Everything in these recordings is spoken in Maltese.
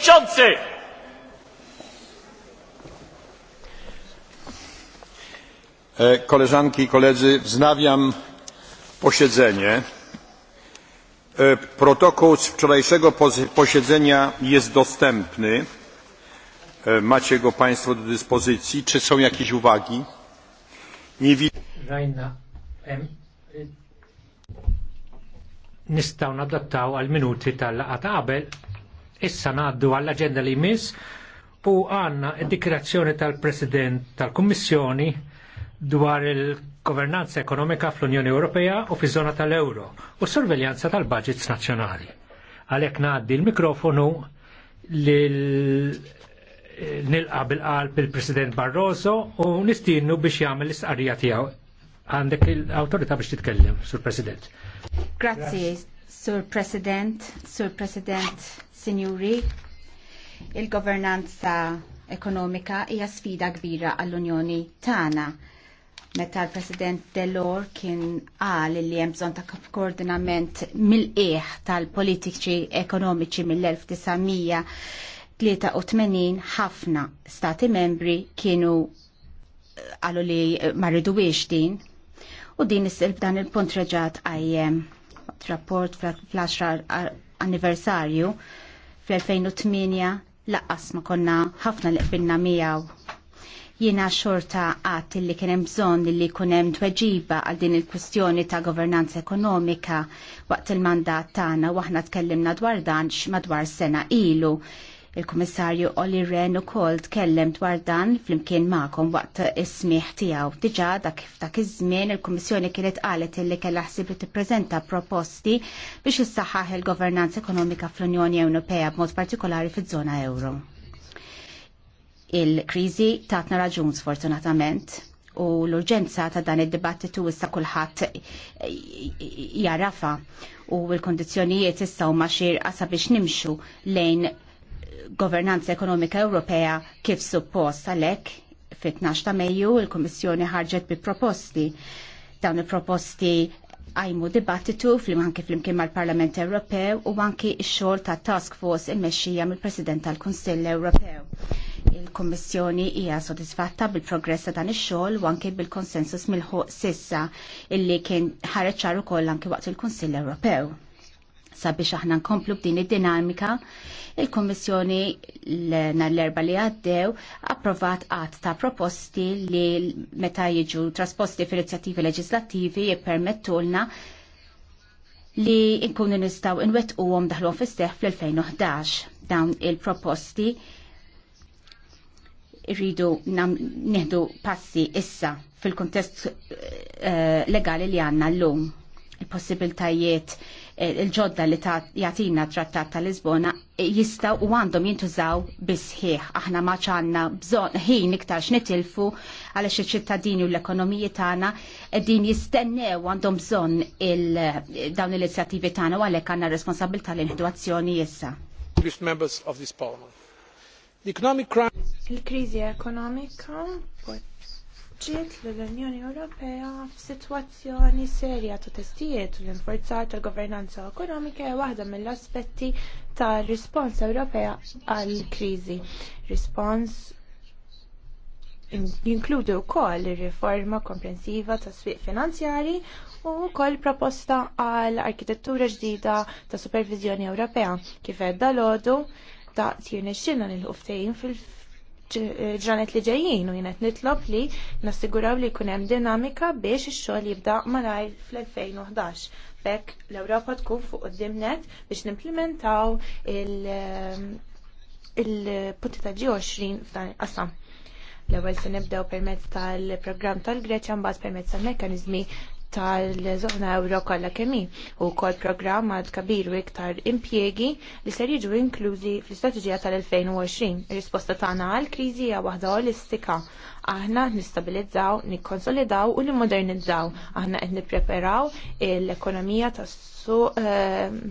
Przewodniczący! E, koleżanki i koledzy, wznawiam posiedzenie. E, protokół z wczorajszego posiedzenia jest dostępny. E, macie go Państwo do dyspozycji. Czy są jakieś uwagi? Nie widzę. Nistaw nadattaw għal minuti tal-laqata qabel Issa ngħaddu għall-aġenda li jmiss u għandna d dikrazzjoni tal-President tal-Kummissjoni dwar il-governanza ekonomika fl-Unjoni Ewropea u fi żona tal-Euro u s sorveljanza tal-budgets nazzjonali. Għalhekk ngħaddi l-mikrofonu lil nilqa qalb il-President Barroso u nistinnu biex jagħmel l-istqarrija tiegħu. Għandek l-awtorità biex titkellem, Sur President. Grazzi, Sur President, Sur President Sinjuri, il-governanza ekonomika hija sfida kbira għall-Unjoni tagħna. Meta l-President Delor kien qal li hemm bżonn ta' koordinament mill-qiegħ tal-politiċi ekonomiċi mill-1983 ħafna stati membri kienu qalu li ma rridux din u din dan il-punt reġat għajjem rapport fl-10 anniversarju fl-2008 laqqas ma konna ħafna li qbilna miegħu. Jiena xorta għat li kien hemm bżonn li jkun hemm tweġiba għal din il-kwistjoni ta' governanza ekonomika waqt il-mandat tagħna u aħna tkellimna dwar dan madwar sena ilu Il-Kummissarju Olli Ren u kol tkellem dwar dan flimkien ma'kom waqt is-smieħ tiegħu. Diġà dak kif dak iż-żmien il-Kummissjoni kienet qalet illi kellha ħsieb tippreżenta proposti biex issaħħaħ il-governanza ekonomika fl-Unjoni Ewropea b'mod partikolari fiż-żona euro. Il-kriżi tatna raġun sfortunatament u l-urġenza ta' dan id-dibattitu issa kulħadd jarafa u l-kondizjonijiet issa huma xirqa sabiex nimxu lejn governanza ekonomika Ewropea kif suppost għalhekk fit-12 ta' Mejju il-Kummissjoni ħarġet bi proposti. Dawn il-proposti għajmu dibattitu fl-manki fl-imkien mal-Parlament Ewropew u għanki x-xogħol ta' Task Force mexxija mill-President tal-Kunsill Ewropew. Il-Kommissjoni hija sodisfatta bil-progress ta' dan ix-xogħol u anke bil-konsensus mill-ħoq sissa illi kien ħareċ ukoll anke waqt il-Kunsill Ewropew sabiex aħna nkomplu b'din id-dinamika, il-Kommissjoni l-erba li għaddew approvat għad ta' proposti li meta jiġu trasposti fil-inizjattivi leġislattivi jippermettulna li nkunu nistaw inwet u għom daħlu fisseħ fl-2011. Dawn il-proposti rridu neħdu passi issa fil-kontest eh, legali li għanna l-lum. Il-possibiltajiet il-ġodda li ta' jatina trattat ta' Lisbona jistaw u għandhom jintużaw bisħiħ. Aħna maċanna bżon ħin iktar xnitilfu għalix iċ-ċittadini u l-ekonomiji tagħna din jistennew għandhom bżon dawn l-inizjattivi tagħna u għalhekk għandna responsabilità l nħdu azzjoni issa. Il-krizi ekonomika ġiet l-Unjoni Ewropea f'sitwazzjoni serja ta' testijiet u l-inforzar tal-governanza ekonomika hija waħda mill-aspetti tar-rispons Ewropea għall-kriżi. Rispons jinkludi wkoll ir-riforma komprensiva tas swieq finanzjarji u wkoll proposta għal arkitettura ġdida ta' supervizjoni Ewropea kif għedda lodu ta' tjirnexxina nil-ħuftejn fil ġranet li ġejjin u jenet nitlob li nassiguraw li jkun hemm dinamika biex ix-xogħol jibda maraj fl-2011. Bekk l-Ewropa tkun fuq id-dimnet biex nimplementaw ehm, il-punti ta' 20 f'dan qasam. L-ewwel se nibdew permezz tal-programm tal-Greċja mbagħad permezz tal-mekkaniżmi tal-żona euro kollha kemm u wkoll programm għal kabir u iktar impjiegi li ser jiġu inklużi fl-istrateġija tal-2020. Ir-risposta tagħna għall-kriżi hija waħda olistika aħna nistabilizzaw, nikkonsolidaw u nimmodernizzaw. Aħna qed nippreparaw l-ekonomija tas-suq eh,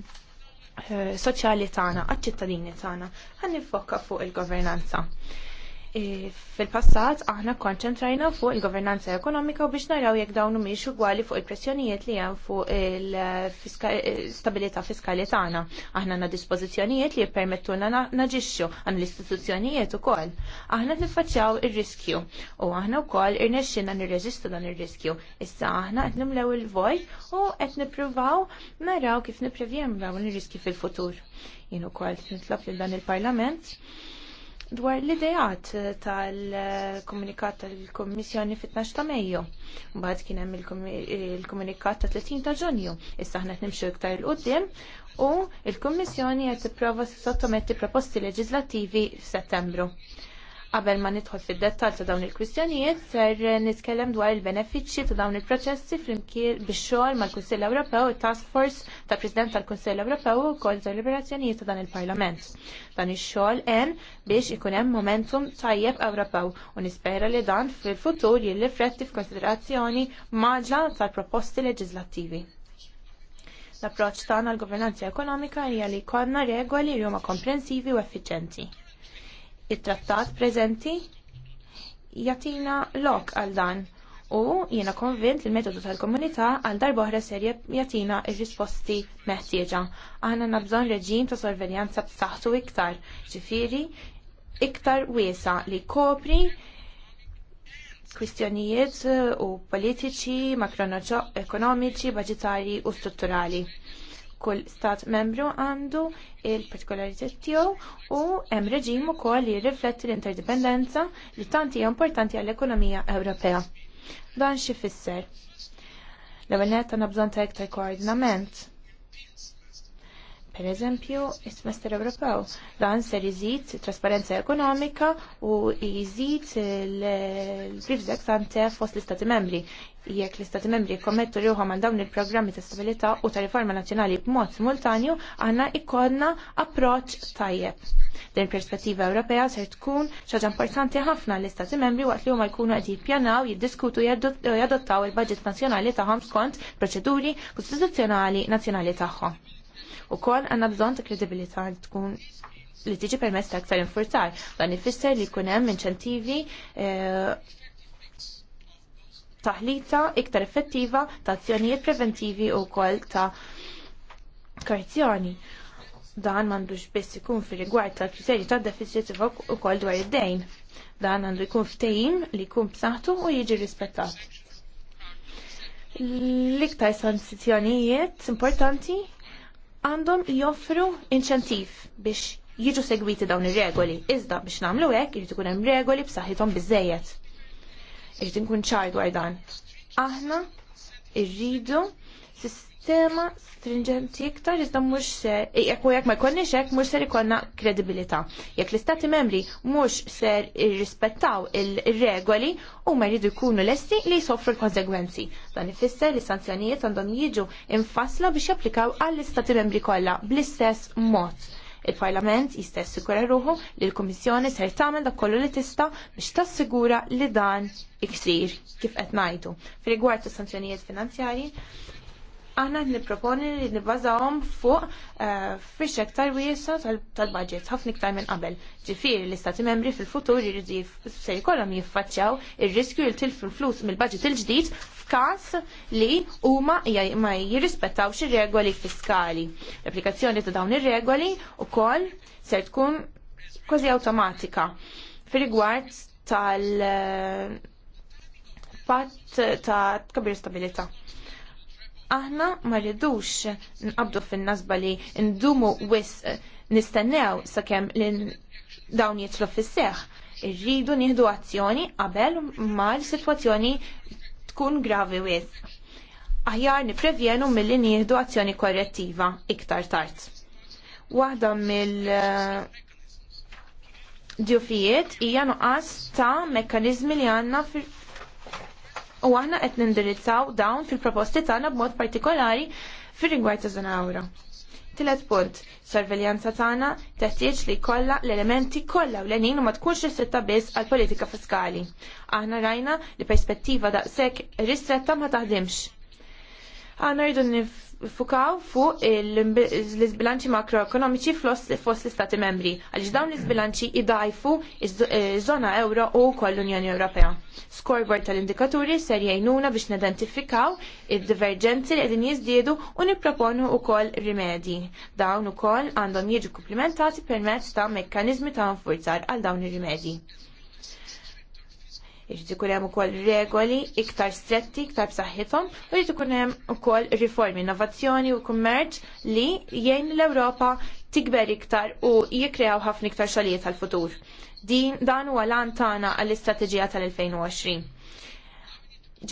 eh, soċjali tagħna, għaċ-ċittadini tagħna, ħan nifokka fuq il-governanza. E, fil-passat aħna konċentrajna fuq il-governanza ekonomika u biex naraw jekk dawn mhix ugwali fuq il-pressjonijiet li hemm fuq il-stabilità fiskali tagħna. Aħna għandna dispożizzjonijiet li jippermettulna naġixxu għan l-istituzzjonijiet ukoll. Aħna niffaċċjaw ir-riskju u aħna wkoll irnexxinna nirreżistu dan ir-riskju. Issa aħna qed nimlew il-vojt u qed nippruvaw naraw kif nipprevjem dawn il-riskju fil-futur. Jien ukoll nitlob lil dan il-Parlament dwar l-idejat tal-komunikat tal komissjoni fit-12 ta' Mejju. Mbagħad kien hemm il-komunikat ta' 30 ta' Ġunju. Issa aħna qed nimxu iktar il qudiem u l-Kummissjoni qed tipprova sottometti proposti leġislattivi f'Settembru. Qabel ma nidħol fid-dettall ta' dawn il-kwistjonijiet, ser nitkellem dwar il-benefiċċji ta' dawn il-proċessi flimkien bix-xogħol mal-Kunsill Ewropew, u task Force ta' President tal-Kunsill Ewropew u deliberazzjonijiet ta' dan il-Parlament. Dan ix-xogħol hemm biex ikun hemm momentum tajjeb Ewropew u nispera li dan fil-futur jillifretti f'konsiderazzjoni maġla tal-proposti leġislattivi. L-approċċ tagħna għall governanza ekonomika hija li jkollna regoli li huma komprensivi u effiċenti it-trattat preżenti jatina lok għal dan u jiena konvint li l-metodu tal-komunità għal darba oħra serje jatina ir-risposti meħtieġa. Aħna nabżon reġim ta' sorveljanza b'saħħtu iktar, ġifiri iktar wiesa li kopri kwistjonijiet u politiċi, makroekonomiċi, budgetari u strutturali kull stat membru għandu il-partikolaritet tiegħu u hemm reġim ukoll li jirrifletti l-interdipendenza li tant hija importanti għall-ekonomija Ewropea. Dan xi fisser. L-ewwel nett għandna bżonn ta' iktar koordinament Per eżempju, is-semester Ewropew dan ser iżid trasparenza ekonomika u iżid l privzek tante fost l-Istati membri. Jekk l-Istati membri kommettu li għal dawn il-programmi ta' stabilità u ta' riforma nazzjonali b'mod simultanju, għandna ikonna approċ tajjeb. Din perspettiva Ewropea ser tkun xaġa importanti ħafna l-Istati membri waqt li huma jkunu qed jippjanaw, jiddiskutu u jadottaw il-budget nazzjonali tagħhom skont proċeduri kostituzzjonali nazzjonali tagħhom. Ukoll għandna bżonn ta' kredibilità li tkun li tiġi permess ta' ktar infurtar. Dan ifisser li jkun hemm inċentivi eh, taħlita iktar effettiva ta' azzjonijiet preventivi u wkoll ta' karzjoni. Dan m'għandux biss ikun fi rigward tal kriterji ta' deficit ukoll dwar id-dejn. Dan għandu jkun ftehim li jkun b'saħħtu u jiġi rispettat. L-iktar sanzjonijiet importanti għandhom joffru inċentiv biex jiġu segwiti dawn ir-regoli. Iżda biex nagħmlu hekk irid ikun hemm regoli b'saħħithom biżejjed. Irid inkun ċar dwar dan. Aħna irridu sistema stringenti iktar iżda mhux se jekk u jekk ma jkollniex hekk mhux ser ikollna kredibilità. Jekk l-istati membri mhux ser irrispettaw ir-regoli huma jridu jkunu lesti li jsofru l-konsegwenzi. Dan ifisser li sanzjonijiet għandhom jiġu infasla biex japplikaw għall-istati membri kollha bl-istess mod il-Parlament jista' jassigura ruħu li l-Kummissjoni ser tagħmel dak kollu li tista' biex tassigura li dan iksir kif qed ngħidu. Fi rigward tas-sanzjonijiet finanzjarji, aħna nipproponi li nibbażawhom fuq eh, fix iktar wiesa tal-budget ħafna iktar minn qabel. Ġifieri l-istati membri fil-futur jridu se jkollhom jiffaċċjaw ir-riskju li tilfu l-flus mill-budget il-ġdid f'każ li huma ma jirrispettawx ir-regoli fiskali. L-applikazzjoni ta' dawn ir-regoli ukoll se tkun kważi awtomatika fir-rigward tal-patt eh, ta' kabir stabilita' Aħna ma rridux nqabdu fin-nasba li ndumu wis eh, nistennew sakemm li dawn jitlu fis-seħ. Irridu nieħdu azzjoni qabel ma l-sitwazzjoni tkun gravi wis. Aħjar niprevjenu milli nieħdu azzjoni korrettiva iktar tard. Waħda mill ġufijiet eh, hija nuqqas ta' mekkaniżmi li għandna fil u aħna qed nindirizzaw dawn fil-proposti tagħna b'mod partikolari fir-rigward ta' żona għawra. Tilet punt, sorveljanza tagħna teħtieġ li kollha l-elementi kollha u l-għenin u ma tkunx ristretta biss għal politika fiskali. Aħna rajna li perspettiva daqshekk ristretta ma taħdimx Għanna rridu nifukaw fuq l-izbilanċi makroekonomiċi fost l-Istati membri, għaliex dawn l-izbilanċi idajfu iż-żona eh, euro u kol l-Unjoni Ewropea. Scoreboard tal-indikaturi ser jgħinuna biex nidentifikaw id-divergenzi li qegħdin jiżdiedu u nipproponu wkoll rimedji. Dawn ukoll għandhom jiġu komplementati permezz ta' mekkaniżmi ta' nfurzar għal dawn il rimedji Iġdi kun hemm ukoll regoli iktar stretti, iktar b'saħħithom, u jrid ikun hemm ukoll riformi, innovazzjoni u kummerċ li jgħin l-Ewropa tikber iktar u jikrew ħafna iktar xogħlijiet tal-futur. Din dan huwa lan tagħna għall-istrateġija tal-2020.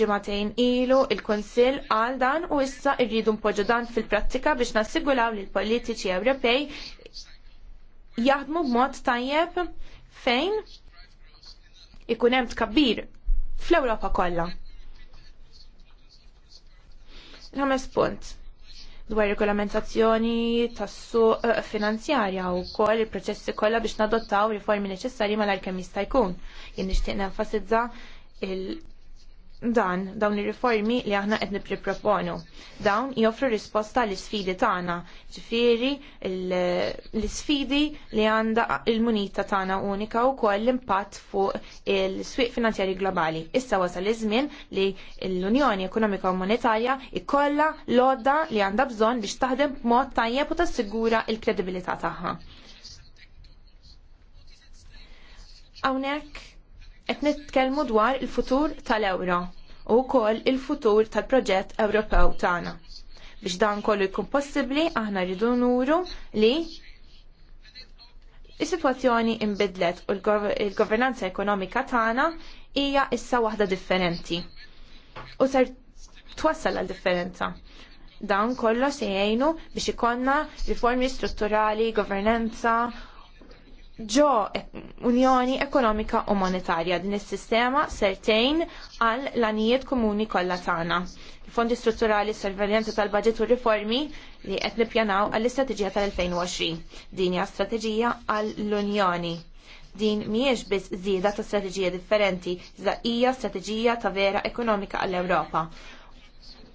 Ġimatejn ilu il-Konsil għal dan u issa rridu mpoġġu dan fil-prattika biex nassigulaw li l-politiċi Ewropej jaħdmu b'mod tajjeb fejn ikun hemm tkabbir fl-Ewropa kollha. Ħames punt dwar regolamentazzjoni tas-suq eh, finanzjarja u koll il-proċessi kollha biex nadottaw riformi neċessarji mal-arkem jista' jkun. Jien nixtieq nenfasizza dan dawn ir-riformi li aħna qed nippriproponu. Dawn joffru risposta l sfidi tagħna, ġifieri l isfidi li għandha il-munita tagħna unika wkoll l-impatt fuq il-swieq finanzjari globali. Issa wasal iż-żmien li l-Unjoni Ekonomika u Monetarja jkollha l odda li għandha bżonn biex taħdem b'mod tajjeb u tassigura l kredibilità tagħha. Hawnhekk qed nitkellmu dwar il-futur tal-ewro u wkoll il-futur tal-proġett Ewropew tagħna. Biex dan kollu jkun possibbli aħna rridu nuru li is-sitwazzjoni imbidlet u l-governanza ekonomika tagħna hija issa waħda differenti. U ser twassal għal differenza. Dan kollox se jgħinu biex ikonna riformi strutturali, governanza ġo Unjoni Ekonomika u Monetarja din is-sistema sertejn għal l-anijiet komuni kollha tagħna. il Fondi strutturali sorveljanza tal baġit u riformi li qed nippjanaw għall-istrateġija tal-2020. Din hija strateġija għal l-Unjoni. Din mhijiex biss żieda ta' strateġija differenti, iżda hija strateġija ta' vera ekonomika għall-Ewropa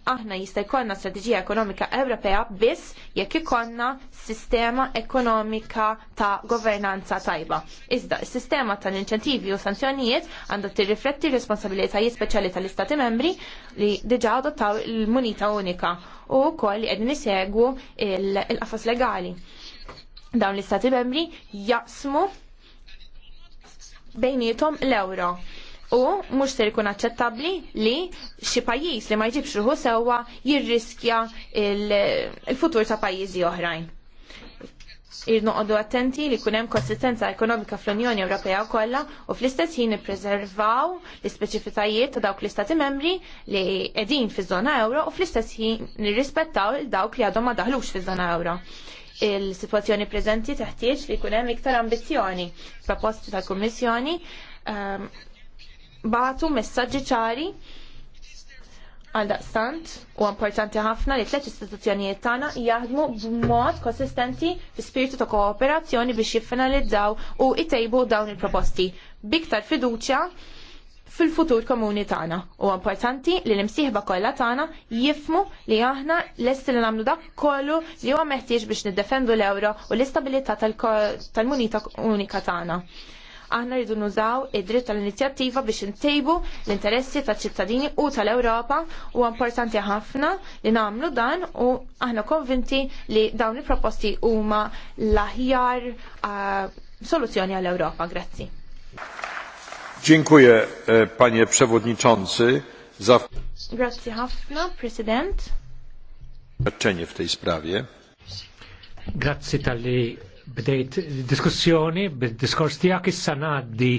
aħna jista' jkollna strateġija ekonomika Ewropea biss jekk ikollna sistema ekonomika ta' governanza tajba. Iżda, is-sistema tal-inċentivi u sanzjonijiet għandha tirrifletti responsabilitajiet speċjali tal-Istati membri li diġà adottaw il-munita unika u wkoll li qegħdin isegwu il-qafas legali. Dawn l-Istati membri jaqsmu bejnietom l-euro u mhux ser ikun aċċettabbli li xi pajjiż li ma jġibx ruħu sewwa jirriskja il-futur ta' pajjiżi oħrajn. Irnoqodu attenti li kunem konsistenza ekonomika fl-Unjoni Ewropea kollha u fl-istess ħin nippreservaw l-ispeċifitajiet ta' dawk l-istati membri li qegħdin fiż-żona euro u fl-istess ħin nirrispettaw dawk li għadhom ma daħlux fiż-żona euro. Il-sitwazzjoni preżenti teħtieġ li kunem iktar ambizzjoni. Proposti tal-Kummissjoni ehm, baħtu messaġġi ċari għal daqstant u importanti ħafna li tliet istituzzjonijiet tagħna jaħdmu b'mod konsistenti fi spiritu ta' kooperazzjoni biex jiffinalizzaw u jtejbu dawn il-proposti biktar fiduċja fil-futur komuni tagħna. U importanti li l-imsieħba kollha tagħna jifmu li aħna lesti li nagħmlu dak kollu li huwa meħtieġ biex niddefendu l-ewro u l-istabilità tal-munita unika tagħna aħna rridu nużaw id-dritt tal-inizjattiva biex intejbu l-interessi tal-ċittadini u tal-Ewropa u importanti ħafna li nagħmlu dan u aħna konvinti li dawn il-proposti huma l-aħjar eh, soluzzjoni għall-Ewropa. Grazzi. Dziękuję, e, panie przewodniczący, za... Grazie ħafna, President. ...w tej sprawie bdejt diskussjoni bid-diskors tiegħek issa ngħaddi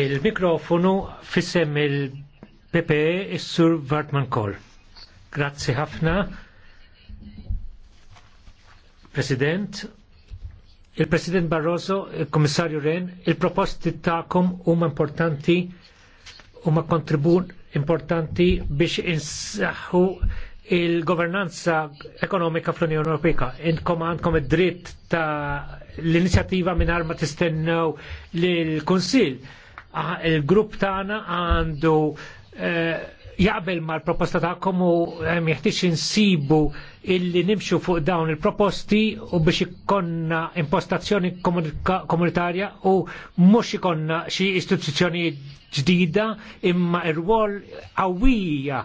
il-mikrofonu fisem il-PPE is-Sur Vartman Kol. Grazzi ħafna. President, il-President Barroso, il-Komissarju Ren, il-proposti ta'kom huma importanti huma kontribut importanti biex insaħħu il-governanza ekonomika fl-Unjoni Ewropea. Intkom għandkom id-dritt ta' l-inizjattiva minn ma tistennew l kunsill ah, Il-grupp tagħna għandu eh, jaqbel mal proposta tagħkom u jeħtieġ eh, insibu illi nimxu fuq dawn il-proposti u biex ikonna impostazzjoni komunitarja u mhux ikonna xi istituzzjoni ġdida imma ir-rwol qawwija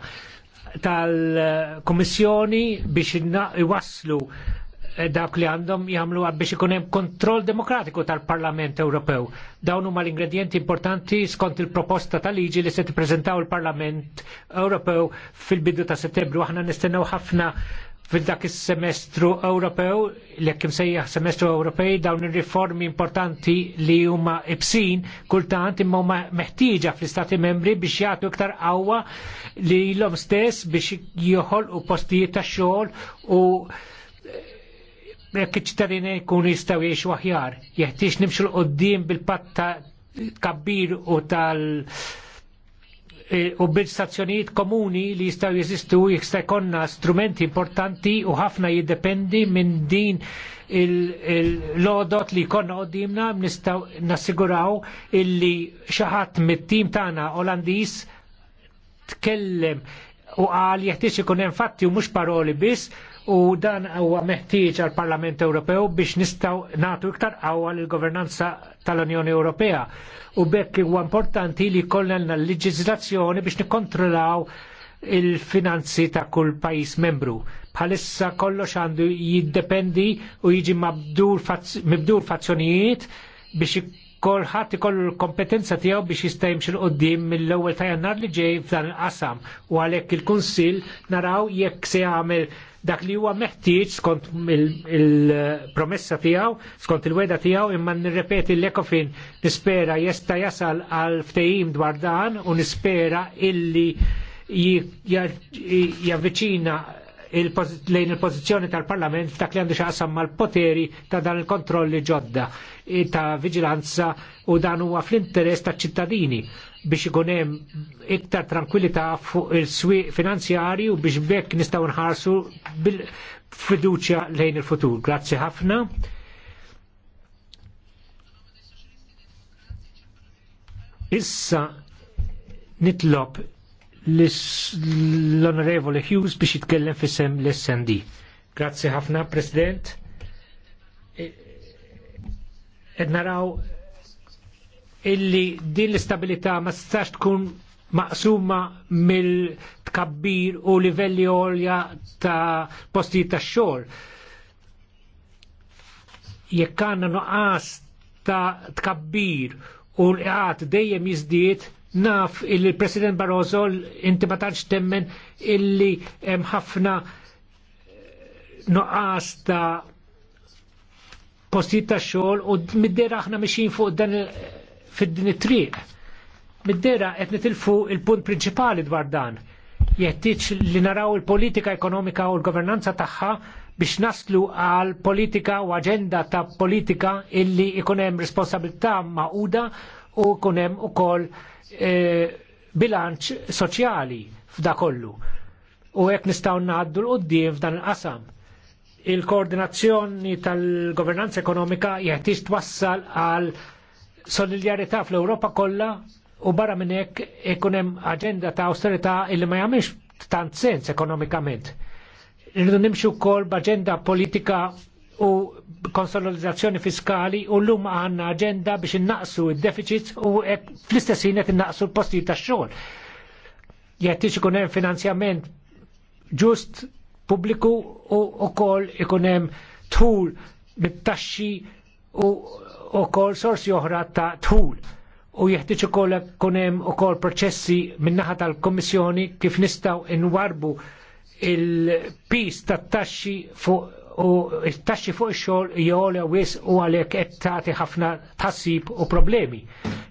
tal-Komissjoni biex iwasslu eh, dawk li għandhom jagħmlu biex ikun hemm kontroll demokratiku tal-Parlament Ewropew. Dawn huma l-ingredienti importanti skont il-proposta ta' liġi li se tippreżentaw il-Parlament Ewropew fil-bidu ta' Settembru aħna nistennew ħafna fil-dak il-semestru Ewropew, l-ekkim sejjaħ semestru Ewropej, dawn il-riformi importanti li huma ibsin kultant imma huma meħtieġa fl-Istati membri biex jagħtu iktar qawwa li l-om stess biex joħolqu postijiet ta' xogħol u eh, jekk iċ-ċittadini jkunu jistgħu jgħixu aħjar. Jeħtiex nimxu l-qoddim bil-patta kabbir u tal- E, u bil stazzjonijiet komuni li jistaw jeżistu jista jkollna strumenti importanti u ħafna jiddependi minn din il-lodot li jkollna qoddimna nistaw nassiguraw illi xi ħadd mit-tim tagħna Olandiż tkellem u qal jeħtieġ ikun hemm fatti u mhux paroli biss u dan huwa meħtieġ għal Parlament Ewropew biex nistgħu nagħtu iktar qawwa lill governanza tal-Unjoni Ewropea. U bekk huwa importanti li jkollna l-leġiżlazzjoni biex nikkontrollaw il-finanzi ta' kull pajjiż membru. Bħalissa kollox għandu jiddependi u jiġi mibdur fazzjonijiet biex kolħat ikollu l-kompetenza tiegħu biex jista' jimxi l mill-ewwel ta' jannar li ġej f'dan il-qasam u għalhekk il-Kunsill naraw jekk se jagħmel dak li huwa meħtieġ skont il-promessa il tiegħu, skont il-weda tiegħu imma nirrepeti l-ekofin nispera jesta jasal għal ftehim dwar dan u nispera illi javviċina il lejn il-pożizzjoni tal-Parlament dak li għandu xaqsam mal-poteri ta' dan il-kontrolli ġodda ta' vigilanza u dan huwa fl-interess ta' ċittadini biex ikun hemm iktar tranquillità fuq il-swieq finanzjari u biex bekk nistgħu nħarsu bil-fiduċja lejn il-futur. Grazzi ħafna. Issa nitlob l onorevole Hughes biex jitkellem fissem l-SND. Grazzi ħafna, President naraw illi din l-istabilità ma tistax tkun maqsuma mill-tkabbir u livelli għolja ta' postijiet ta' xogħol. Jekk għandna nuqqas ta' tkabbir u l-qat dejjem jizdiet, naf illi l-President Barroso inti ma tantx temmen illi hemm ħafna nuqqas ta' postijiet ta' xogħol u mid-dera aħna mixin fuq dan fid-din it-triq. Mid-dera qed nitilfu il-punt prinċipali dwar dan. Jeħtieġ li naraw il-politika ekonomika u l-governanza tagħha biex naslu għal politika u aġenda ta' politika illi hemm responsabilità maquda u ikunem u kol e, bilanċ soċjali f'da kollu. U jekk nistgħu naħaddu l qudiem f'dan il-qasam il-koordinazzjoni tal-governanza ekonomika jeħtieġ twassal għal solidarjetà fl-Ewropa kollha u barra minn hekk ikun hemm aġenda ta' austerità illi ma jagħmilx tant sens ekonomikament. Irridu nimxu wkoll b'aġenda politika u konsolidizzazzjoni fiskali u llum għandna aġenda biex innaqsu id-deficits u fl-istess ħin qed innaqsu l-postijiet tax-xogħol. Jeħtieġ ikun hemm finanzjament ġust pubbliku u kol ikun hemm tħul mit-taxxi u wkoll sorsi oħra ta' tħul. U jeħtieġ ukoll ikun u ukoll proċessi min-naħa tal kommissjoni kif nistgħu inwarbu il-pis tat-taxxi fuq u il taxxi fuq ix-xogħol jgħol wis u għalhekk qed tagħti ħafna tassib u problemi.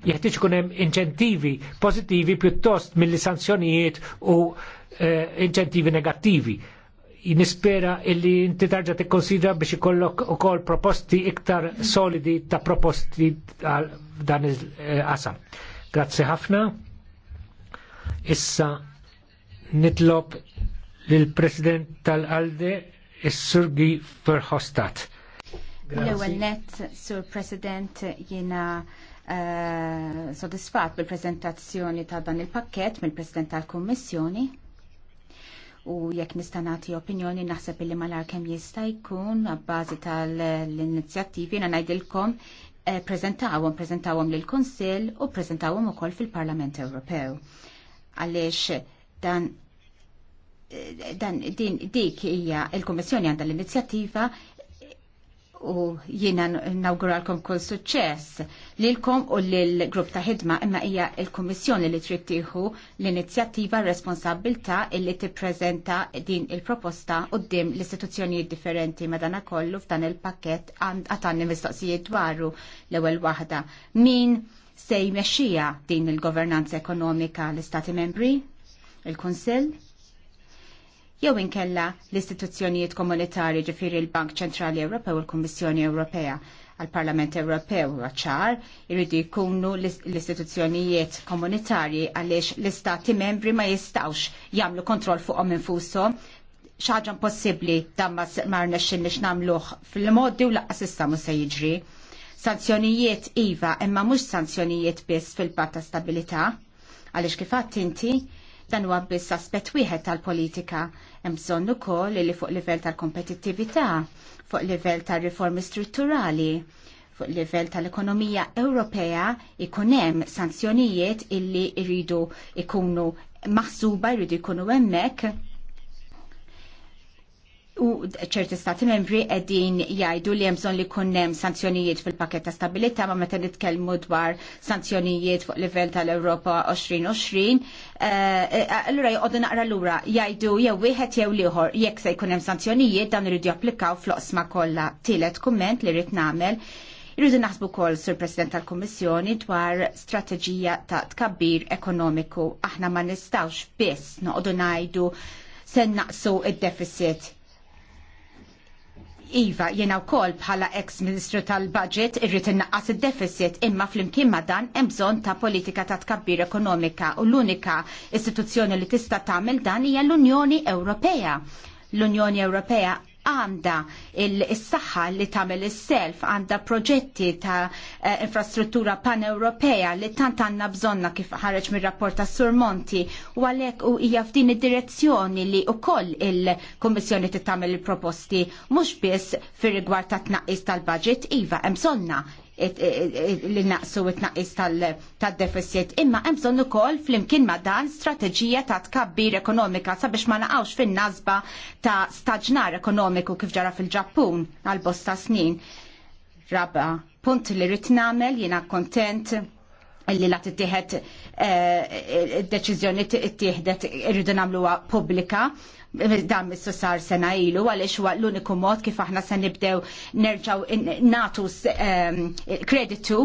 Jeħtieġ ikun hemm inċentivi pożittivi pjuttost milli sanzjonijiet u eh, inċentivi negattivi jinispera illi inti tarġa tikkonsidra biex ikollok u kol proposti iktar solidi ta' proposti għal dan il-qasam. Grazzi ħafna. Issa nitlob lill-President tal-Alde il surgi Verhofstadt. l ewel net, Sur President, jina uh, eh, sodisfat bil-prezentazzjoni ta' dan il-pakket mill-President tal kommissjoni u jekk nista' nagħti opinjoni naħseb illi malar kemm jista' jkun għabbażi tal-inizjattivi jena ngħidilkom eh, preżentawhom preżentawhom lil kunsill u preżentawhom ukoll fil-Parlament Ewropew. Għaliex dan eh, dan din dik hija il-Kummissjoni għandha l-inizjattiva u jiena nawguralkom kull suċċess lilkom u lill-grupp ta' ħidma imma hija l-Kummissjoni li trid tieħu l-inizjattiva responsabilità li tippreżenta din il-proposta qudiem l-istituzzjonijiet differenti madanakollu f'dan il-pakkett għatanni mistoqsijiet dwaru l-ewwel waħda. Min se jmexxija din il-governanza ekonomika l-Istati Membri, il-Kunsill, jew inkella l-istituzzjonijiet komunitarji ġifiri l-Bank Ċentrali Ewropew u l-Kummissjoni Ewropea għal-Parlament Ewropew għacċar irridu jkunu l-istituzzjonijiet komunitarji għaliex l-istati membri ma jistawx jamlu kontroll fuqhom infushom xaġan possibli damma ma rnexxin nix namluħ fil-modi u laqqa sista se jiġri. Sanzjonijiet iva imma mhux sanzjonijiet biss fil-patta stabilità għaliex kif inti Dan huwa biss aspett wieħed tal-politika. Hemm bżonn ukoll li fuq livell tal-kompetittività, fuq livell tal-riformi strutturali, fuq livell tal-ekonomija Ewropea ikun hemm sanzjonijiet illi jridu ikunu maħsuba jridu jkunu hemmhekk U ċerti stati membri edin jajdu li jemżon li kunnem sanzjonijiet fil paket ta' stabilita ma meta nitkellmu dwar sanzjonijiet fuq livell tal-Europa 2020. Eh, eh, allura jgħodu naqra lura jajdu jew wieħed jew liħor jekk se jkun hemm sanzjonijiet dan iridu japplikaw floqsma kollha. Tielet kumment li rrid nagħmel Irridu naħsbu kol sur President tal-Kommissjoni dwar strateġija ta' tkabbir ekonomiku. Aħna ma nistawx biss noqdu najdu sen naqsu id-deficit Iva, jena u kol bħala ex-ministru tal-budget irrit innaqqas il-deficit imma fl-imkien ma dan emżon ta' politika ta' tkabbir ekonomika u l-unika istituzzjoni li tista' tagħmel dan hija l-Unjoni Ewropea. L-Unjoni Ewropea għanda il-saxħa li tamel il-self, għanda proġetti ta' eh, infrastruttura pan-Ewropea li tant għanna bżonna kif ħareġ mir rapport ta' Surmonti u għalek u hija f'din id-direzzjoni li u koll il-Kommissjoni tittamel il-proposti mux biss fir rigward ta' tnaqqis tal-budget, iva, bżonna li naqsu t naqis tal-deficit. Imma hemm bżonn ukoll flimkien ma' dan strateġija ta' tkabbir ekonomika sabiex ma naqgħux fin-nazba ta' staġnar ekonomiku kif ġara fil-Ġappun għal bosta snin. Rabba. punt li rritnamel, nagħmel jiena kontent li la tittieħed Eh, deċiżjoni tieħdet irridu nagħmluha pubblika dan missu sar sena ilu għaliex huwa l-uniku mod kif aħna se nibdew nerġaw natu ehm, kreditu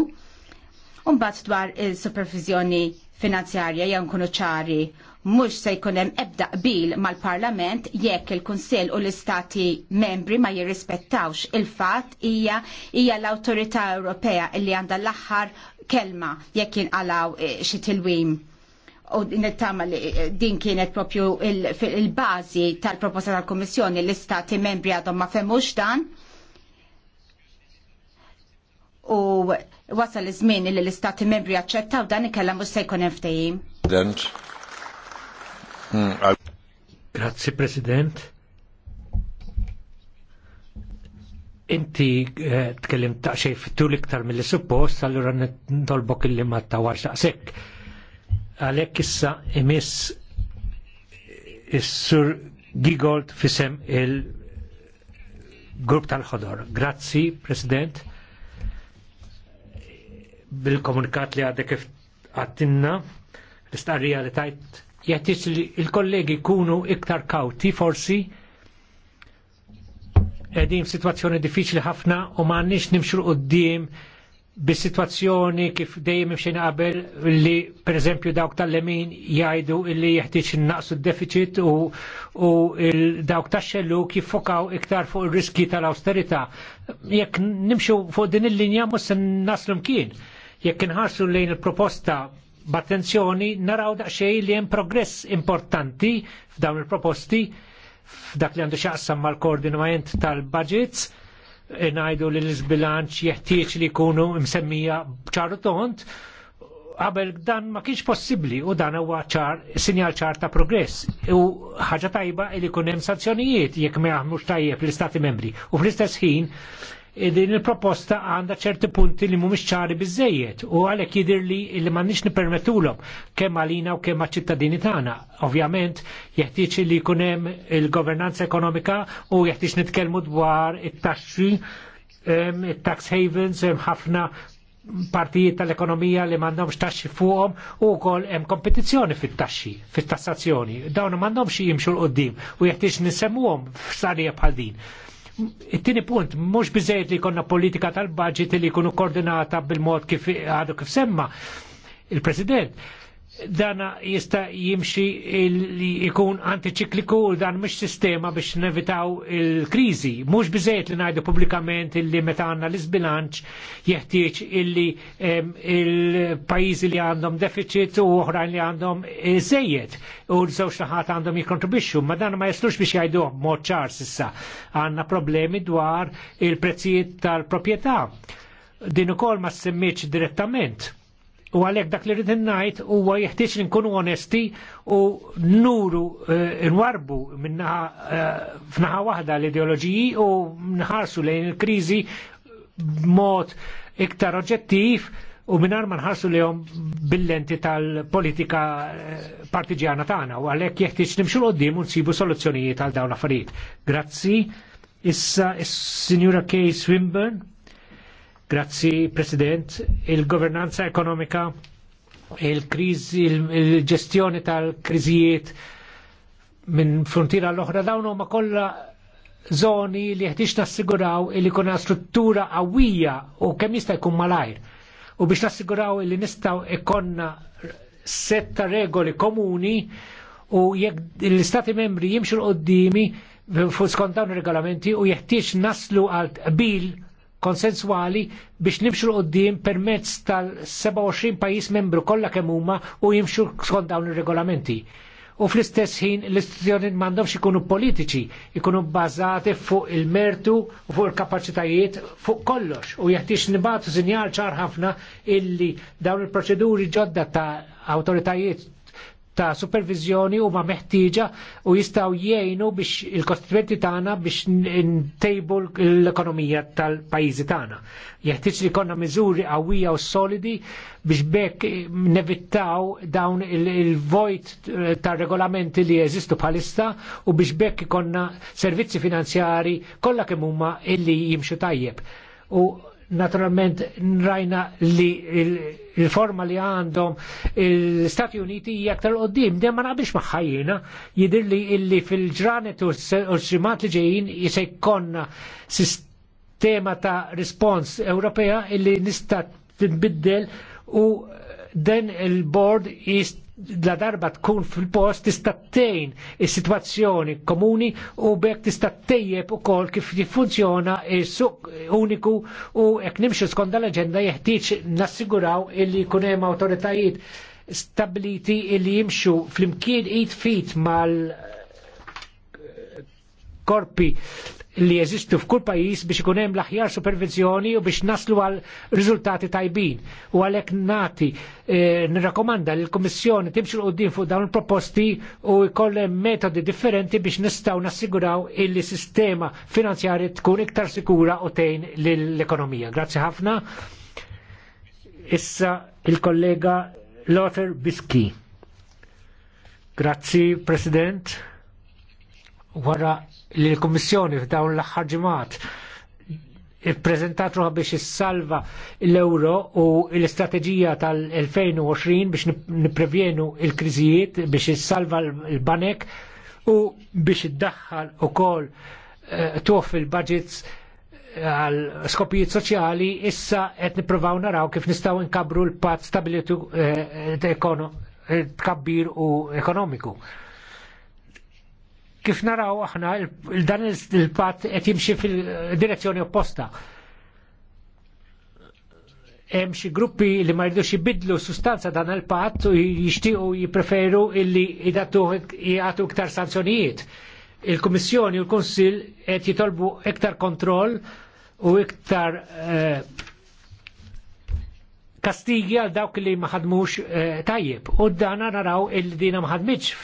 bat dwar il-supervizjoni finanzjarja jew nkunu ċari mhux se jkun hemm ebda qbil mal-Parlament jekk il-Kunsill u l-Istati membri ma jirrispettawx il-fatt hija hija l-Awtorità Ewropea li għandha l-aħħar kelma jekk jinqalaw eh, xi tilwim u nittama li eh, din kienet propju il-bazi il bazi tal tal-Komissjoni l-istati membri għadhom ma femmux dan u wasal iż-żmien li l-istati membri aċċettaw dan ikella mhux se jkun hemm hmm, Grazzi President. Inti eh, tkellim ta' xej fitul iktar mill suppost, allura nitolbok illi ma ta' sekk. Għalhekk issa imiss eh, is-Sur Gigold fisem il-Grupp tal-ħodor. Grazzi, President, bil-komunikat li għadek kif għattinna, l-istarrija li tajt jgħatis li il-kollegi kunu iktar kawti forsi edin f'sitwazzjoni diffiċli ħafna u m'għandniex nimxu dim bis-sitwazzjoni kif dejjem imxejn qabel li pereżempju dawk tal-lemin jgħidu li jeħtieġ innaqsu d-deficit u, u dawk tax-xellu kif fokaw iktar fuq ir-riski tal-awsterità. Jekk nimxu fuq din il-linja mhux se naslu mkien. Jekk inħarsu lejn il-proposta b'attenzjoni naraw daqsxejn li hemm progress importanti f'dawn il-proposti f'dak li għandu xaqsam mal-koordinament tal-budgets ngħidu li l-izbilanċ jeħtieġ li jkunu msemmija b'ċaru tont qabel dan ma kienx possibbli u dan huwa ċar sinjal ċar ta' progress. U ħaġa tajba li jkun hemm sanzjonijiet jekk ma tajjeb l-Istati membri. U fl-istess ħin E din il-proposta għandha ċerti punti li mhumiex ċari biżejjed u għalhekk jidher li li m'għandniex nippermettulhom kemm għalina u kemm għaċ-ċittadini tagħna. Ovvjament jeħtieġ li jkun hemm il-governanza ekonomika u jeħtieġ nitkellmu dwar it-taxxi it tax havens, hemm ħafna partijiet tal-ekonomija li m'għandhomx taxxi fuqhom u wkoll hemm kompetizzjoni fit-taxxi, fit-tassazzjoni. Dawn m'għandhomx jimxu l-qoddim u jeħtieġ nisemmuhom f'sarija bħal din it-tieni punt, mhux biżejjed li jkollna politika tal-budget li jkunu koordinata bil-mod kif għadu kif semma il-President dana jista jimxi li jkun antiċikliku u dan mhux sistema biex nevitaw il-kriżi. Mhux biżejjed li ngħidu pubblikament illi meta għandna l-isbilanċ jeħtieġ illi il-pajjiżi li għandhom deficit u oħrajn li għandhom żejjed u l żewġ naħat għandhom jikkontribixxu, ma dan ma jaslux biex jgħidu mod ċar sissa. Għandna problemi dwar il-prezzijiet tal-proprjetà. Din ukoll ma semmitx direttament U għalhekk dak li rrid ngħid huwa jeħtieġ li nkunu onesti u nuru eh, nwarbu minnaħa eh, f'naħa waħda l-ideoloġiji u nħarsu lejn il-kriżi b'mod iktar oġġettiv u minnar ma nħarsu lejhom bil-lenti tal-politika eh, partiġjana tagħna u għalhekk jeħtieġ nimxu l-qoddim u nsibu soluzzjonijiet għal dawn l affarijiet. Grazzi. Issa is-Sinjura Kay Swinburne. Grazzi, President. Il-governanza ekonomika, il-ġestjoni il tal-kriżijiet minn frontiera l-oħra dawn huma kollha zoni li jeħtieġ nassiguraw li kuna struttura għawija u kemm jista' jkun malajr. U biex nassiguraw li nistaw ikonna setta regoli komuni u jekk l-istati membri jimxu l-qoddimi fuq skont dawn regolamenti u jeħtieġ naslu għal qbil konsensuali biex nimxu l-qoddim permezz tal-27 pajis membru kollha kemm huma u jimxu skont dawn ir-regolamenti. U fl-istess ħin l-istituzzjoni m'għandhomx ikunu politiċi, ikunu bbażati fuq il-mertu u fuq il-kapaċitajiet fuq kollox u jeħtiex nibatu sinjal ċar ħafna illi dawn il-proċeduri ġodda ta' awtoritajiet ta' supervizjoni huma meħtieġa u jistgħu jgħinu biex il-kostituenti tagħna biex ntejbu l-ekonomija tal-pajjiżi tagħna. Jeħtieġ li jkollna miżuri qawwija u solidi biex bekk nevittaw dawn il-vojt eh, tar regolamenti li jeżistu bħalissa u biex bekk ikonna servizzi finanzjari kollha kemm huma illi jimxu tajjeb. U Naturalment rajna li il-forma li għandhom l-Stati Uniti hija aktar qoddim, dejjem ma naqbilx maħħajjina, jidir li illi fil-ġranet u s-simat li ġejjin se jkollna sistema ta' respons Ewropea illi nista' tinbiddel u den il-board jist la darba tkun fil-post tista' ttejn is-sitwazzjoni komuni u bekk tista' tejjeb ukoll kif jiffunzjona s-suq uniku u hekk nimxu skonda l-aġenda jeħtieġ nassiguraw illi jkun hemm awtoritajiet stabiliti illi jimxu fl-imkien id fit mal korpi li jeżistu f'kull pajjiż biex ikun hemm l-aħjar supervizjoni u biex naslu għal riżultati tajbin. U għalhekk nati eh, nirrakkomanda li l-Kummissjoni timxil qudiem fuq dawn il-proposti u jkollhem metodi differenti biex nistgħu nassiguraw illi sistema finanzjarji tkun iktar sikura u tgħin lill-ekonomija. Grazzi ħafna. Issa il-kollega Lothar Biski. Grazzi, President wara li l-Kummissjoni f'dawn l-aħħar ġimgħat ippreżentatruha biex issalva l-euro u l-istrateġija tal-2020 biex nipprevjenu il-kriżijiet biex issalva l-banek u biex iddaħħal ukoll eh, tuħ il budgets eh, għal skopijiet soċjali issa qed nippruvaw naraw kif nistgħu nkabru l-patt stabilitu eh, tkabbir u ekonomiku. Kif naraw aħna dan il-pat qed jimxi fil-direzzjoni opposta. Hemm xi gruppi li ma jridux jibidlu sustanza dan il pat u jixtiequ jippreferu illi jagħtu iktar sanzjonijiet. Il-Kummissjoni u l-Kunsill qed jitolbu iktar kontroll u iktar eh, kastigi għal dawk li maħadmux eh, tajjeb. U dana naraw il-dina maħadmiċ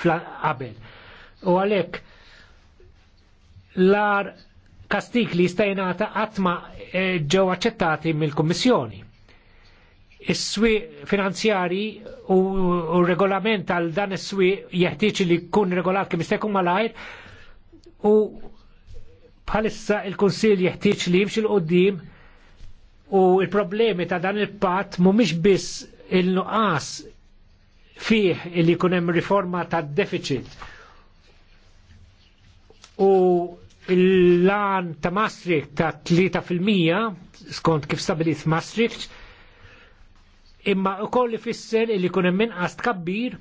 qabel. U għalek l-ar kastik li jistajnata għatma eh, ġew accettati mill-Kommissjoni. Is-swi finanzjari u, regolament għal dan is-swi jeħtieġ li jkun regolat kemm jista' jkun malajr u bħalissa il-Kunsill jeħtieġ li jimxi l qoddim u il-problemi ta' dan il-patt mhumiex biss il-nuqqas fih li jkun hemm riforma tad deficit u il-lan ta' Maastricht ta' 3% skont kif stabilit Maastricht imma u koll fisser li kun hemm inqas tkabbir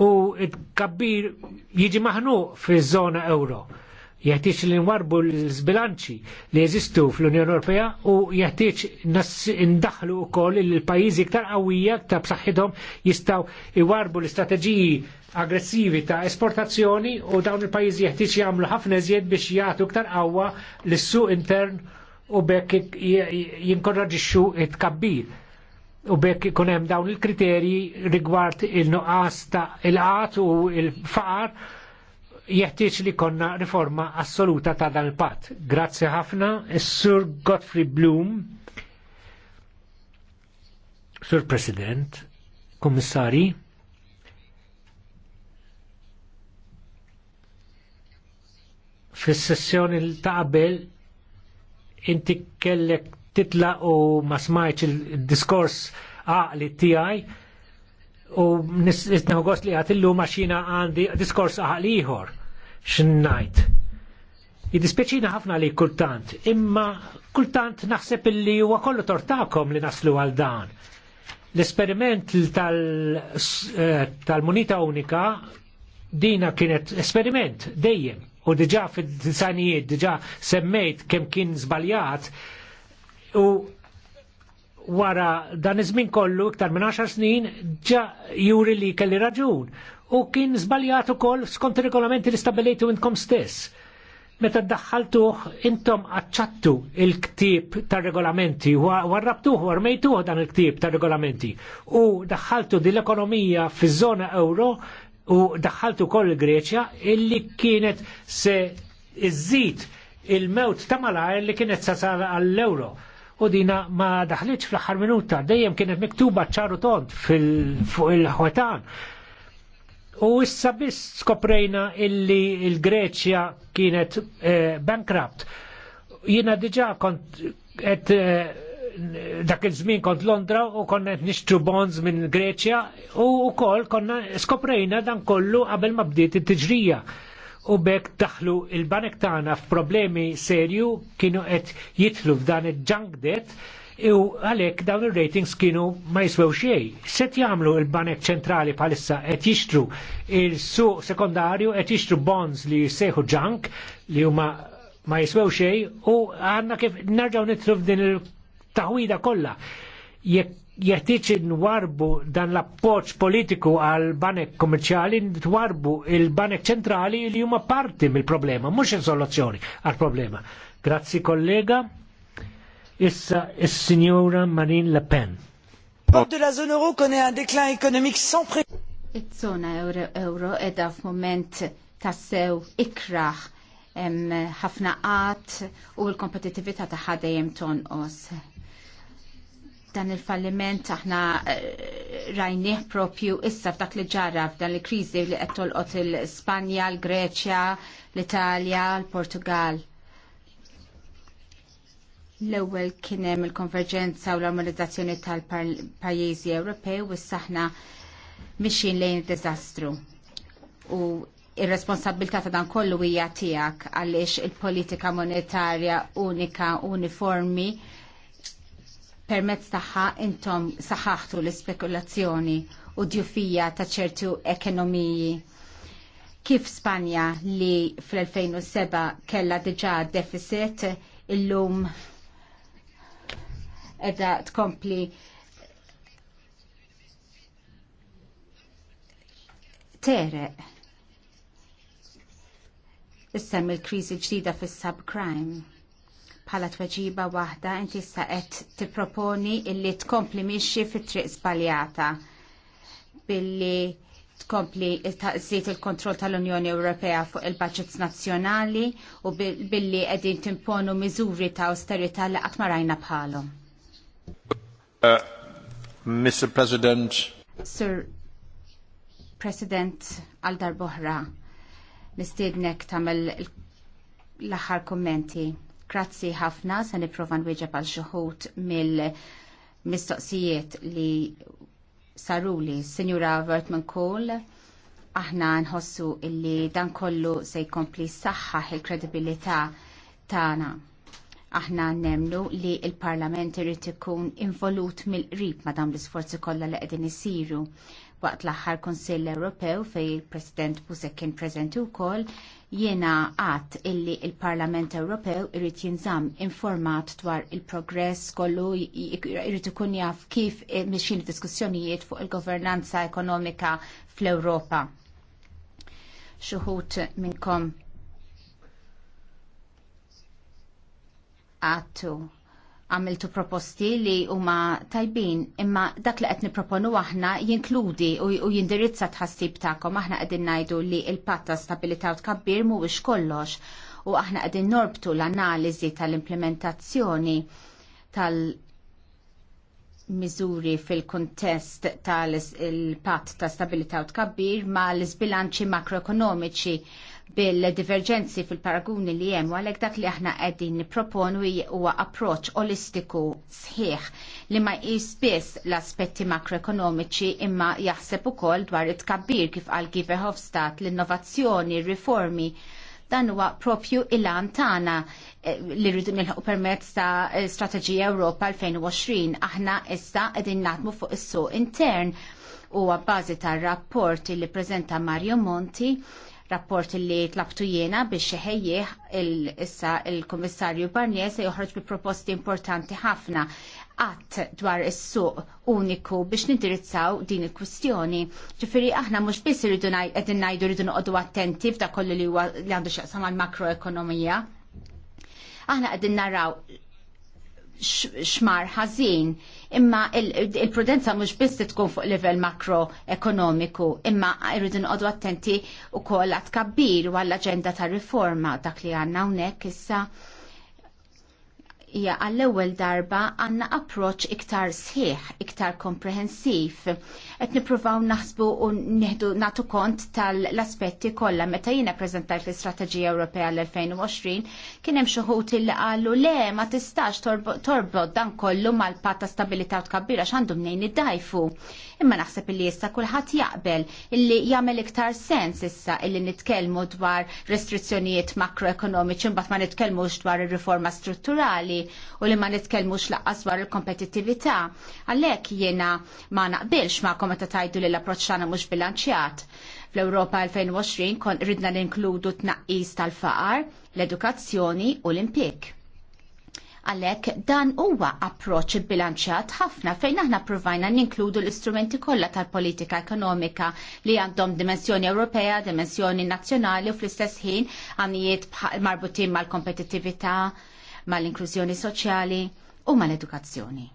u tkabbir jiġi maħnuq fiż-żona euro. Jeħtieġ li nwarbu l-sbilanċi li jeżistu fl-Unjoni Ewropea u jeħtieġ ndaħlu wkoll il pajjiżi iktar qawwija iktar b'saħħithom jistgħu iwarbu l-istrateġiji aggressivi ta' esportazzjoni u dawn il-pajjiżi jeħtieġ jagħmlu ħafna iżjed biex jagħtu iktar qawwa lis-suq intern u bekk jinkoraġixxu it tkabbir U bekk ikun hemm dawn il-kriterji rigward il-nuqqas ta' il-qat u il-faqar jeħtieġ li konna riforma assoluta ta' dan il-patt. Grazzi ħafna, is-Sur Godfrey Bloom, Sur President, Kommissari, fis-sessjoni ta' qabel inti kellek titla u ma smajċ il-diskors għaqli tiegħi u nis gost li għatillu maċina għandi diskors għaqli ieħor x'najt. Jidispeċina ħafna li kultant, imma kultant naħseb illi huwa kollu tortakom li naslu għal dan. L-esperiment eh, tal-munita unika dina kienet esperiment dejjem u diġa fil-disanijiet, diġa semmejt kem kien zbaljat u wara dan iż-żmien kollu iktar minn 10 snin ġa juri li kelli raġun u kien zbaljat ukoll skont ir-regolamenti li stabilitu intkom stess. Meta ddaħħaltuh intom aċċattu il-ktib tar-regolamenti u warrabtuh u armejtuh dan il-ktib tar-regolamenti u daħħaltu din l ekonomija fiż-żona euro u daħħaltu koll il-Greċja illi kienet se iżżid il-mewt ta' malajr li kienet sasal għall-euro. U dina ma daħliċ fl ħar minuta, dejjem kienet miktuba ċaru tont fuq il-ħwetan. U issa biss skoprejna illi il-Greċja kienet eh, bankrupt. Jina diġa kont et eh, dak iż-żmien kont Londra u konna nixtru bonds minn Greċja u wkoll konna skoprejna dan kollu qabel ma bdiet it-tiġrija. U bekk daħlu il-banek tagħna f'problemi serju kienu qed jitlu f'dan il-junk debt u għalhekk dawn ir-ratings kienu ma jiswew xej. Set jagħmlu il-banek ċentrali bħalissa qed jixtru il-suq sekondarju qed jixtru bonds li jsejħu junk li huma ma jiswew xej u għanna kif nerġaw nitlu f'din il taħwida kollha. Jeħtieġ nwarbu dan l-appoġġ politiku għal banek kommerċjali twarbu il-banek ċentrali li huma parti mill-problema, mhux soluzzjoni għal problema. Grazzi kollega. Issa is-Sinjura Marine Le Pen. L'Europe de la zone euro connaît un déclin économique sans précédent. Iż-żona euro, euro edha f'mument tassew ikraħ ħafna qat u l-kompetitività tagħha ton os dan il-falliment aħna eh, rajnieh propju issa f'dak li ġara f'dan il-kriżi li qed tolqot il-Spanja, l-Greċja, l-Italja, l-Portugal. L-ewwel kien hemm il-konverġenza u l-armonizzazzjoni tal-pajjiżi Ewropej u issa aħna mixin lejn id-diżastru. U ir-responsabilità ta' dan kollu hija tiegħek għaliex il-politika monetarja unika uniformi permezz tagħha intom saħaħtu l-ispekulazzjoni u djufija ta' ċertu ekonomiji. Kif Spanja li fl-2007 kella diġà deficit illum edha tkompli Tere, Issem il-kriżi ġdida fis-subcrime bħala tweġiba waħda inti issa qed tipproponi illi tkompli mixi fit-triq żbaljata billi tkompli zit il-kontroll tal-Unjoni Ewropea fuq il-budgets nazzjonali u billi qegħdin timponu miżuri ta' austerità li qatt ma rajna bħalhom. Uh, Mr. President. Sir President għal darboħra nistiednek tagħmel l-aħħar kummenti. Grazzi ħafna, se nipprova nwieġeb għal xuħut mill-mistoqsijiet li saruli, Sinjura Vertman Cole, aħna nħossu illi dan kollu se jkompli saħħa il-kredibilità tagħna. Aħna nemnu li il-Parlament irid ikun involut mill-qrib ma' dawn l-isforzi kollha li qegħdin isiru waqt l-aħħar Kunsill Ewropew fej il-President Busek kien preżenti wkoll Jiena għat illi il-Parlament Ewropew irrit jinżam informat dwar il-progress kollu irrit ikun jaf kif eh, mixin diskussjonijiet fuq il-governanza ekonomika fl-Ewropa. Xuhut minnkom għattu għamiltu proposti li huma tajbin, imma dak li qed nipproponu aħna jinkludi u jindirizza tħassib tagħkom aħna qegħdin ngħidu li l-patt ta' stabilità u tkabbir mhuwiex kollox u aħna qegħdin norbtu l-analiżi tal-implementazzjoni tal miżuri fil-kontest tal-patt ta' stabilità u tkabbir ma' l-sbilanċi makroekonomiċi bil-divergenzi fil-paraguni li jem, għalek dak li aħna għedin niproponu huwa approċ olistiku sħiħ li ma jispis l-aspetti makroekonomiċi imma jaħseb ukoll dwar it-kabbir kif għal Giverhofstadt l-innovazzjoni, riformi dan huwa propju il-għan tagħna eh, li rridu nilħu permezz ta' eh, Strateġija Ewropa 2020. Aħna issa qegħdin naħdmu fuq is-suq intern u għabbażi tar-rapport li preżenta Mario Monti rapport li tlabtu jena biex xeħejjieħ il-issa il-Komissarju Barnier se joħroġ bi proposti importanti ħafna għat dwar is-suq uniku biex nindirizzaw din il-kwistjoni. Ġifiri, aħna mux biss rridu għedin najdu rridu noqdu attenti f'da kollu li għandu xaqsam għal makroekonomija. Aħna għedin naraw xmar ħażin imma il-prudenza mhux biss tkun fuq livell makroekonomiku, imma irridu noqogħdu attenti wkoll għat kabbir u għall-aġenda ta' riforma dak li għandna hawnhekk issa hija għall-ewwel darba għandna approċċ iktar sħiħ, iktar komprehensiv qed nippruvaw naħsbu u nieħdu nagħtu kont tal-aspetti kollha meta jiena preżentajt l-Istrateġija Ewropea l-2020 kien hemm xi li qalu le ma tistax torbod dan kollu mal-patt ta' stabilità u tkabbira x'għandhom nejn iddajfu. Imma naħseb illi issa kulħadd jaqbel illi jagħmel iktar sens issa illi nitkellmu dwar restrizzjonijiet makroekonomiċi mbagħad ma nitkellmux dwar ir-riforma strutturali u li ma nitkellmux laqqas dwar il-kompetittività. Għalhekk jiena ma naqbilx ma'kom meta tajdu li l-approċċ tagħna mhux bilanċjat. Fl-Ewropa 2020 kon ridna ninkludu tnaqqis tal-faqar, l-edukazzjoni u l-impjeg. Għalhekk dan huwa approċċ bilanċjat ħafna fejn aħna provajna ninkludu l-istrumenti kollha tal-politika ekonomika li għandhom dimensjoni Ewropea, dimensjoni nazzjonali u fl-istess ħin għanijiet marbutin mal-kompetittività, mal-inklużjoni soċjali u mal-edukazzjoni.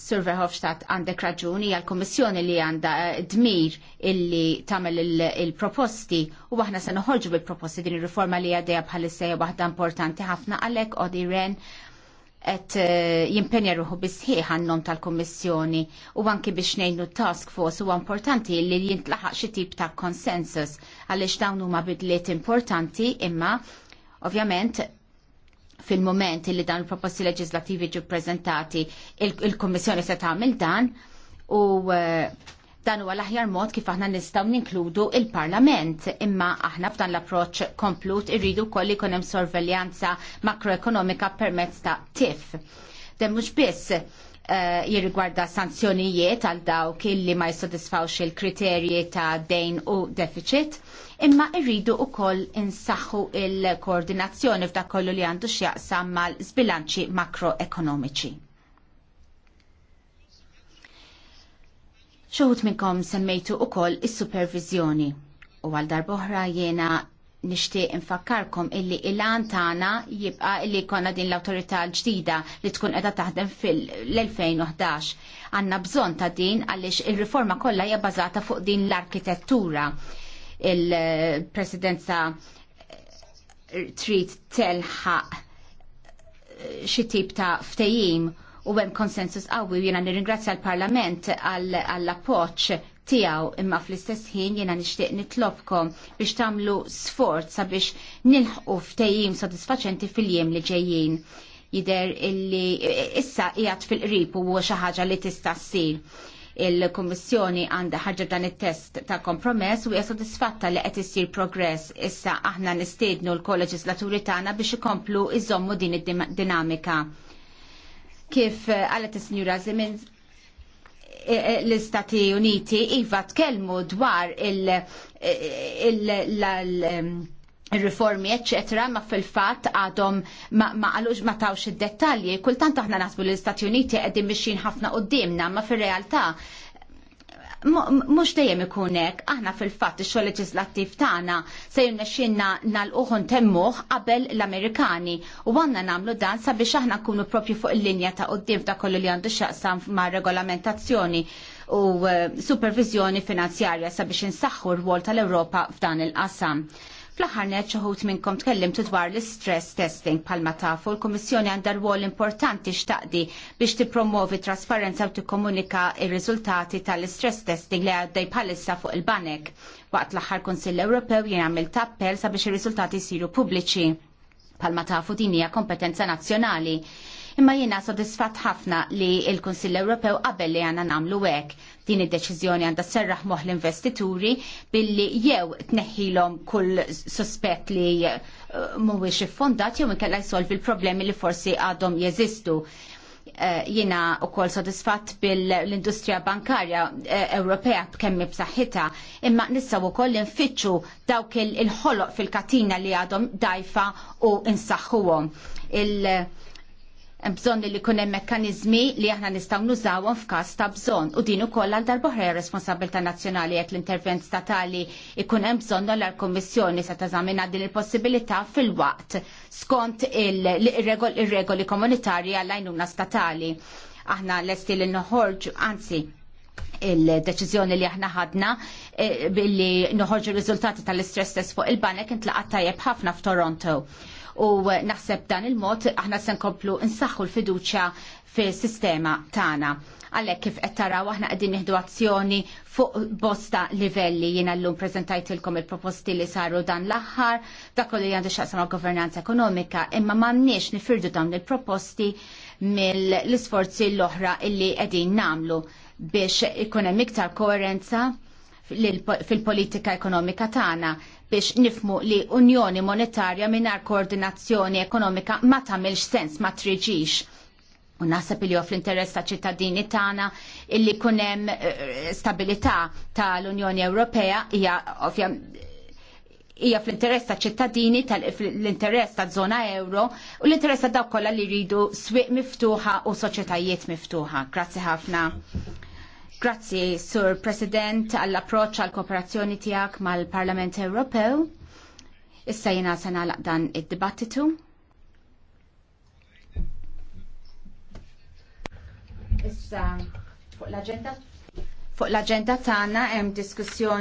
Sir Verhofstadt għandek raġuni għal kommissjoni li għanda eh, dmir illi tamel il-proposti u aħna se noħorġu bil-proposti din il-riforma li għadeja bħal-issejja waħda importanti ħafna għalek u ren et eh, jimpenja ruħu bisħiħ għannom tal-Kommissjoni u għanki biex nejnu task force u importanti li jintlaħaq xi tip ta' konsensus għaliex dawn huma bidliet importanti imma ovvjament fil-moment li dan il-proposti leġislativi ġu prezentati il-Kommissjoni se tagħmel dan u eh, dan huwa l-aħjar mod kif aħna nistgħu ninkludu il-Parlament imma aħna f'dan l-approċċ komplut irridu wkoll ikun hemm sorveljanza makroekonomika permezz ta' TIF. Dan mhux biss eh, jirrigwarda sanzjonijiet għal dawk illi ma jissodisfawx il-kriterji ta' dejn u deficit, imma irridu wkoll insaħħu il-koordinazzjoni f'dak kollu li għandu x'jaqsam mal-sbilanċi makroekonomiċi. Xoħut minnkom semmejtu wkoll is-supervizjoni u għal darboħra jiena nishti infakkarkom illi il-għan tagħna jibqa illi jkollna din l awtorità l-ġdida li tkun qiegħda taħdem fil-2011. Għandna bżonn ta' din għaliex ir riforma kollha hija bbażata fuq din l-arkitettura il-presidenza trid telħaq eh, xi tip ta' ftejim u hemm konsensus qawwi jiena nirringrazzja l-Parlament għall appoġġ tiegħu imma fl-istess ħin jiena nixtieq nitlobkom biex tagħmlu sforz sabiex nilħqu ftejim sodisfaċenti fil-jiem li ġejjin jider illi eh, issa qiegħed fil-qrib u xi ħaġa li tista' ssir il-Kommissjoni għandha ħarġa dan it-test ta' kompromess u hija sodisfatta li qed issir progress issa aħna nistednu l-koleġislaturi tagħna biex ikomplu iżommu din id-dinamika. Kif qalet is-Sinjura Zimin e, e, l-Istati Uniti iva tkellmu dwar il-, e, il, il, il riformi, eccetera, ma fil-fat għadhom ma għalux ma tawx id-dettalji. Kultant aħna nasbu l-Istati Uniti għeddim mixin ħafna d-dimna, ma fil-realtà mux dejjem ikun hekk, aħna fil-fatt ix-xogħol leġislattiv tagħna se jirnexxinna uħun temmuħ qabel l-Amerikani u għandna nagħmlu dan sabiex aħna nkunu propju fuq il-linja ta' quddiem ta' kollu li għandu x'jaqsam ma' regolamentazzjoni u eh, supervizjoni finanzjarja sabiex insaħħu r-rwol tal-Ewropa f'dan il-qasam. Fl-ħarnet ċoħut minnkom tkellimtu dwar l-stress testing palma tafu l-Komissjoni għandha rwol importanti xtaqdi biex tippromovi trasparenza u tikkomunika ir-riżultati tal-stress testing li għaddej bħalissa fuq il-banek. Waqt l-aħħar Kunsill Ewropew jien għamil tappell sabiex ir-riżultati jsiru pubbliċi palma tafu din hija kompetenza nazzjonali Imma jiena sodisfatt ħafna li l-Kunsill Ewropew qabel li għandna nagħmlu hekk din id-deċiżjoni għandha serraħ moħ l-investituri billi jew tneħħilhom kull suspett li eh, mhuwiex iffondat jew inkella jsolvi l-problemi li forsi għadhom jeżistu. Eh, jiena u kol sodisfatt bil-industrija bankarja eh, Ewropea b'kemmi b'saħħitha, imma nissaw u koll nfittxu dawk il-ħoloq fil-katina li għadhom dajfa u nsaħħuhom. Il- bżonn li jkun hemm mekkaniżmi li aħna nistgħu nużawhom f'każ ta' bżonn u din ukoll għal darbohre responsabilità nazzjonali jekk l-intervent statali jkun hemm bżonn l kummissjoni se tażamina din il-possibilità fil-waqt skont ir-regoli komunitarji għall-għajnuna statali. Aħna lesti li noħorġu, anzi, il-deċizjoni li aħna ħadna e, billi noħorġu r-riżultati tal-istress test fuq il-banek intlaqat tajjeb ħafna f'Toronto u naħseb dan il-mod aħna se nkomplu nsaħħu l-fiduċja fis-sistema tagħna. Għalhekk kif qed taraw aħna qegħdin nieħdu azzjoni fuq bosta livelli jiena llum preżentajtilkom il-proposti li saru dan l-aħħar dak li għandu x'aqsam governanza ekonomika imma m'għandniex nifirdu dawn il-proposti mill-isforzi l-oħra illi qegħdin nagħmlu biex ikun hemm iktar koerenza fil-politika ekonomika tagħna biex nifmu li unjoni monetarja minar koordinazzjoni ekonomika ma tamilx sens ma triġix. U nasab li fl interess ta' ċittadini tagħna illi kunem eh, stabilità tal-Unjoni Ewropea hija ovvja hija fl-interess ta' ċittadini, fl-interess ta' zona euro u l-interess ta' dawk kollha li jridu swieq miftuħa u soċjetajiet miftuħa. Grazzi ħafna. Grazzi, Sur President, għall-approċ għall-kooperazzjoni tijak mal-Parlament Ewropew. Issa jena sena dan id-dibattitu. Issa, fuq l-agenda? Fuq l-agenda tana hemm diskussjoni